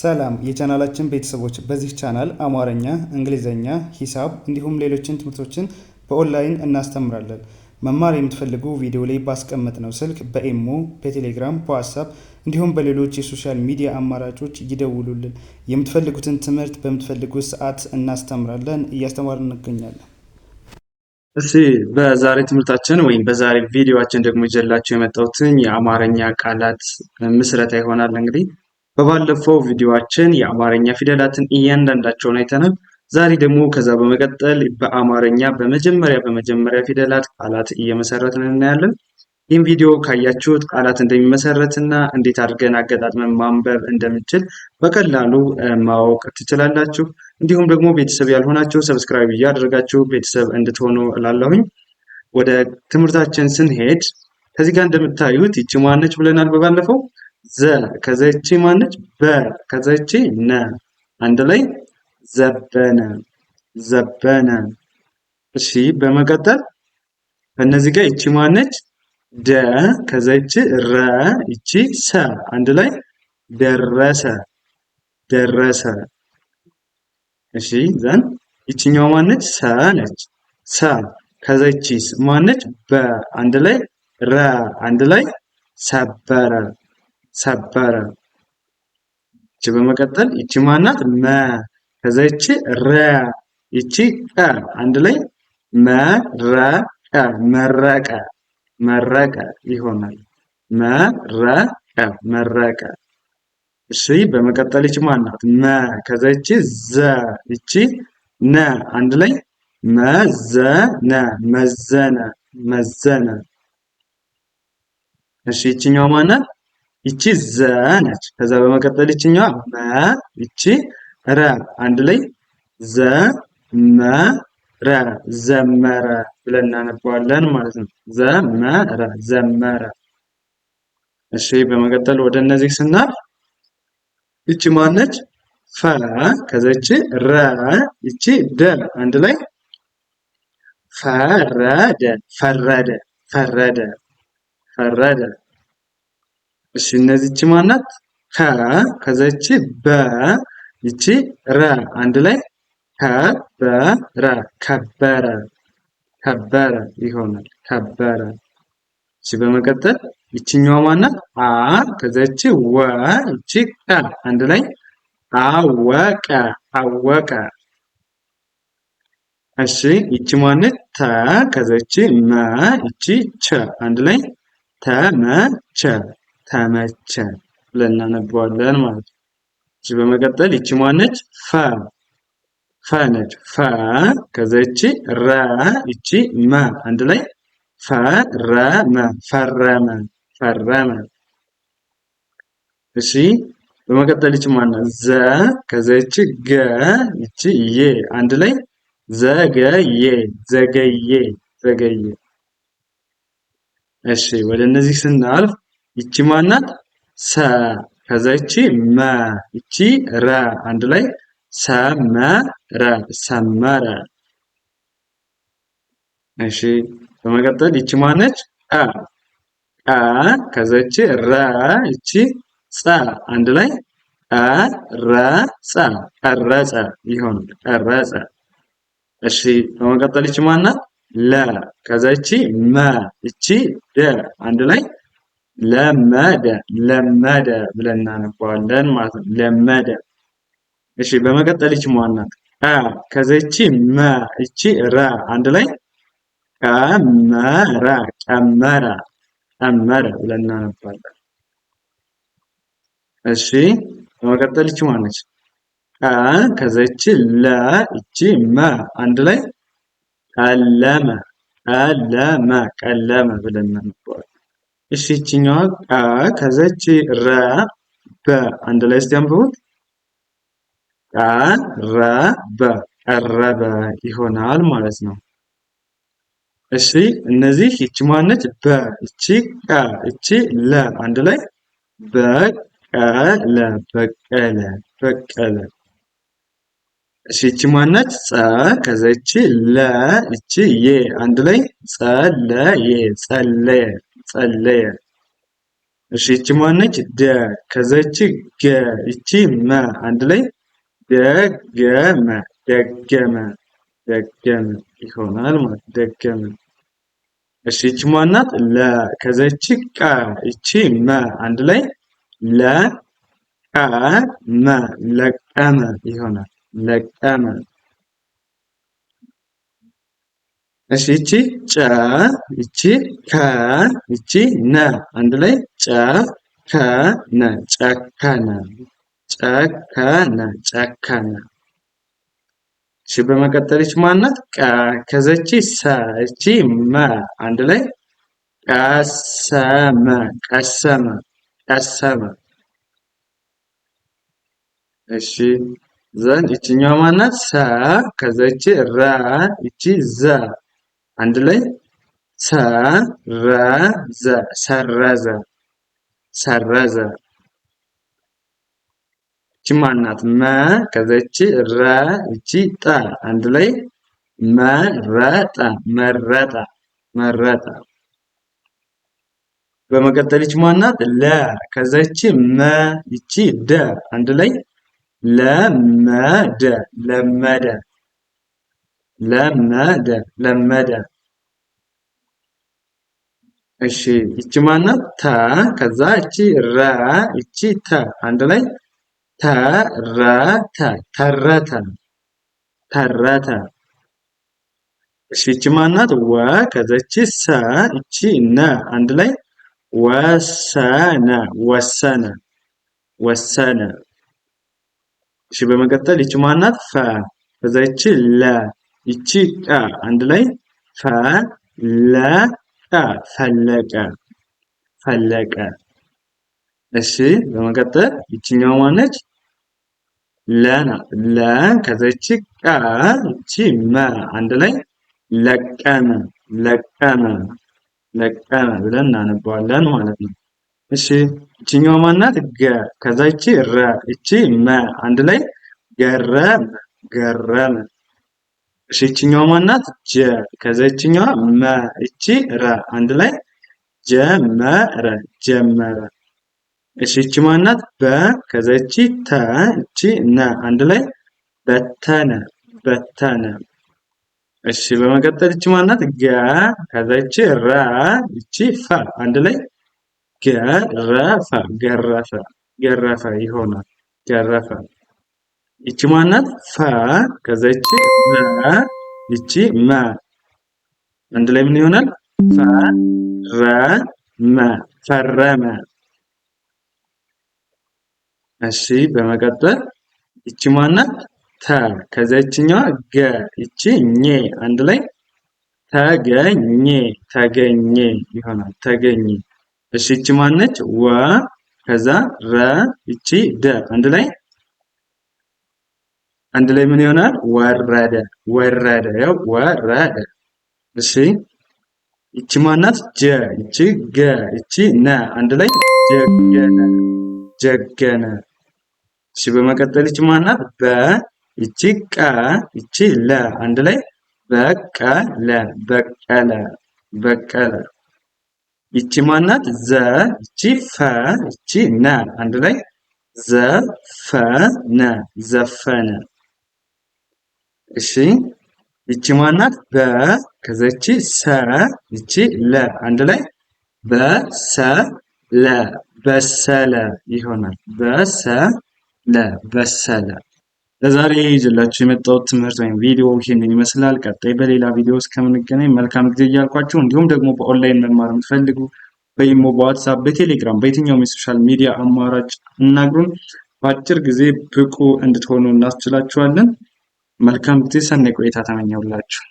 ሰላም የቻናላችን ቤተሰቦች፣ በዚህ ቻናል አማርኛ፣ እንግሊዝኛ፣ ሂሳብ እንዲሁም ሌሎችን ትምህርቶችን በኦንላይን እናስተምራለን። መማር የምትፈልጉ ቪዲዮ ላይ ባስቀመጥ ነው ስልክ በኢሞ፣ በቴሌግራም፣ በዋትሳፕ እንዲሁም በሌሎች የሶሻል ሚዲያ አማራጮች ይደውሉልን። የምትፈልጉትን ትምህርት በምትፈልጉት ሰዓት እናስተምራለን፣ እያስተማርን እንገኛለን። እሺ በዛሬ ትምህርታችን ወይም በዛሬ ቪዲዮችን ደግሞ ይዤላችሁ የመጣሁትን የአማርኛ ቃላት ምስረታ ይሆናል እንግዲህ በባለፈው ቪዲዮአችን የአማርኛ ፊደላትን እያንዳንዳቸውን አይተናል። ዛሬ ደግሞ ከዛ በመቀጠል በአማርኛ በመጀመሪያ በመጀመሪያ ፊደላት ቃላት እየመሰረትን እናያለን። ይህም ቪዲዮ ካያችሁት ቃላት እንደሚመሰረትና እንዴት አድርገን አገጣጥመን ማንበብ እንደምንችል በቀላሉ ማወቅ ትችላላችሁ። እንዲሁም ደግሞ ቤተሰብ ያልሆናችሁ ሰብስክራይብ እያደረጋችሁ ቤተሰብ እንድትሆኑ እላለሁኝ። ወደ ትምህርታችን ስንሄድ ከዚህ ጋር እንደምታዩት ይቺ ማነች ብለናል በባለፈው ዘ ከዛይቺ ማነች በ ከዛይቺ ነ አንድ ላይ ዘበነ ዘበነ። እሺ በመቀጠል ከነዚህ ጋር እቺ ማነች ደ ከዛይቺ ረ እቺ ሰ አንድ ላይ ደረሰ ደረሰ። እሺ ዘን እቺኛው ማነች ሰ ነች ሰ ከዛይቺ ማነች በ አንድ ላይ ረ አንድ ላይ ሰበረ ሰበረ። ይቺ በመቀጠል ይቺ ማናት? መ ከዛ ይቺ ረ ይቺ ቀ አንድ ላይ መረቀ መረቀ መረቀ ይሆናል። መረቀ መረቀ። እሺ በመቀጠል ይቺ ማናት? መ ከዛ ይቺ ዘ ይቺ ነ አንድ ላይ መዘነ መዘነ መዘነ። እሺ ይቺኛው ማናት? ይቺ ዘ ነች። ከዛ በመቀጠል ይችኛዋ መ ይቺ ረ አንድ ላይ ዘ መ ረ ዘመረ ብለን እናነባዋለን ማለት ነው። ዘመረ ዘመረ። እሺ በመቀጠል ወደ እነዚህ ስናል ይቺ ማነች? ፈ ከዛ ይቺ ረ ይቺ ደ አንድ ላይ ፈረደ ፈረደ ፈረደ ፈረደ እሺ እነዚህች ማናት? ከ ከዛ ይቺ በ እቺ ረ አንድ ላይ ከበረ ከበረ ከበረ ይሆናል። ከበረ እሺ። በመቀጠል ይችኛዋ ማናት? አ ከዛ ወ እቺ ቀ አንድ ላይ አወቀ አወቀ። እሺ ይቺ ማነች? ተ ከዛ ይቺ መ ይቺ ቸ አንድ ላይ ተመቸ ተመቸ ብለን እናነበዋለን ማለት ነው። እሺ በመቀጠል ይቺ ማነች? ፈ ፈ ነች። ፈ ከዛ ይቺ ረ ይቺ መ አንድ ላይ ፈ ረ መ ፈረመ ፈረመ። እሺ በመቀጠል ይቺ ማነ? ዘ ከዛ ይቺ ገ ይቺ የ አንድ ላይ ዘገየ ዘገየ ዘገየ። እሺ ወደ እነዚህ ስናልፍ ይቺ ማናት ሰ ከዛ ይቺ መ ይቺ ረ አንድ ላይ ሰመረ ሰመረ። እሺ በመቀጠል ይቺ ማነች? አ አ ከዛ ይቺ ረ ይቺ ጸ አንድ ላይ አ ረ ጸ ቀረጸ ይሆናል ቀረጸ። እሺ በመቀጠል ይቺ ማናት? ለ ከዛ ይቺ መ ይቺ ደ አንድ ላይ ለመደ ለመደ ብለን እናነባዋለን ማለት ነው። ለመደ። እሺ፣ በመቀጠል ይቺ ማናት? መ እቺ ረ አንድ ላይ ቀመረ ቀመረ ቀመረ ብለን እናነባለን። እሺ፣ በመቀጠል ይቺ ማነች? ለ እቺ መ አንድ ላይ ቀለመ ቀለመ ቀለመ ብለን እናነባዋለን። እሺ ይችኛዋ ቀ ከዘች ረ በ አንድ ላይ እስቲ ቀ ረ በ ቀረበ ይሆናል ማለት ነው። እሺ እነዚህ ይቺ ማነች? በ እቺ ቀ እቺ ለ አንድ ላይ በቀለ በቀለ በቀለ። እሺ እቺ ማነች? ጸ ከዘች ለ እቺ የ አንድ ላይ ጸለየ ጸለየ ጸለየ። እሺ እቺ ማነች? ደ ከዘች ገ እቺ መ አንድ ላይ ደገመ ደገመ ደገመ ይሆናል ማለት ደገመ። እሺ እቺ ማናት? ለ ከዘች ቀ እቺ መ አንድ ላይ ለ ቀ መ ለቀመ ይሆናል ለቀመ እሺ ይቺ ጨ ይቺ ከ ይቺ ነ አንድ ላይ ጨ ከነ ጨከነ ጨከነ ጨከነ። እሺ በመቀጠል ይቺ ማናት? ቀ ከዘቺ ሰ ይቺ መ አንድ ላይ ቀሰመ ቀሰመ ቀሰመ። እሺ ዘንድ ይቺኛዋ ማናት? ሰ ከዘቺ ረ ይቺ ዘ አንድ ላይ ሰረዘ ሰረዘ ሰረዘ። እቺ ማናት? መ ከዘች ረ እቺ ጠ አንድ ላይ መረጠ መረጠ መረጠ። በመቀጠል እቺ ማናት? ለ ከዘች መ እቺ ደ አንድ ላይ ለመደ ለመደ ለመደ ለመደ እሺ ይቺ ማናት ተ ከዛ እቺ ረ እቺ ተ አንድ ላይ ተረተ ተረተ ተረተ እሺ ይቺ ማናት ወ ከዛ እቺ ሰ እቺ ነ አንድ ላይ ወሰነ ወሰነ ወሰነ እሺ በመቀጠል ይቺ ማናት ፈ ከዛ እቺ ለ ይቺ ቀ አንድ ላይ ፈለቀ ፈለቀ ፈለቀ። እሺ በመቀጠል ይችኛው ማነች? ለና ለ ከዚች ቀ ይቺ መ አንድ ላይ ለቀመ ለቀመ ለቀመ ብለን እናነባዋለን ማለት ነው። እሺ ይችኛው ማናት? ገ ከዛች ረ ይቺ መ አንድ ላይ ገረመ ገረመ እሺ ይችኛዋ ማናት? ጀ ከዛ ይችኛዋ መ እቺ ረ አንድ ላይ ጀመረ ጀመረ። እሺ ይቺ ማናት? በ ከዛ ይቺ ተ እቺ ነ አንድ ላይ በተነ በተነ። እሺ በመቀጠል እቺ ማናት? ገ ከዛ ይቺ ረ እቺ ፈ አንድ ላይ ገረፈ ገረፈ ገረፈ ይሆናል ገረፈ ይቺ ማናት? ፈ ከዛች መ ይቺ መ አንድ ላይ ምን ይሆናል? ፈ ረ መ ፈረመ። እሺ በመቀጠል ይቺ ማናት? ተ ከዛችኛዋ ገ ይቺ ኘ አንድ ላይ ተገኘ ተገኘ ይሆናል። ተገኘ። እሺ ይቺ ማነች? ወ ከዛ ረ ይቺ ደ አንድ ላይ አንድ ላይ ምን ይሆናል? ወረደ ወረደ። ያው ወረደ። እሺ ይቺ ማናት? ጀ ይቺ ገ ይቺ ነ አንድ ላይ ጀገነ ጀገነ። እሺ በመቀጠል ይቺ ማናት? በ ይቺ ቀ ይቺ ለ አንድ ላይ በቀለ በቀለ በቀለ። ይቺ ማናት? ዘ ይቺ ፈ ይቺ ነ አንድ ላይ ዘፈነ ዘፈነ እሺ ይቺ ማናት? በ ከዘቺ ሰ ይቺ ለ አንድ ላይ በሰ ለ በሰለ ይሆናል። በሰ ለ በሰለ። ለዛሬ ይዤላችሁ የመጣሁት ትምህርት ወይም ቪዲዮ ይህንን ይመስላል። ቀጣይ በሌላ ቪዲዮ እስከምንገናኝ መልካም ጊዜ እያልኳችሁ እንዲሁም ደግሞ በኦንላይን መማር የምትፈልጉ በኢሞ፣ በዋትሳፕ፣ በቴሌግራም በየትኛውም የሶሻል ሚዲያ አማራጭ እናግሩን። በአጭር ጊዜ ብቁ እንድትሆኑ እናስችላችኋለን። መልካም ጊዜ ሰናይ ቆይታ ተመኘሁላችሁ።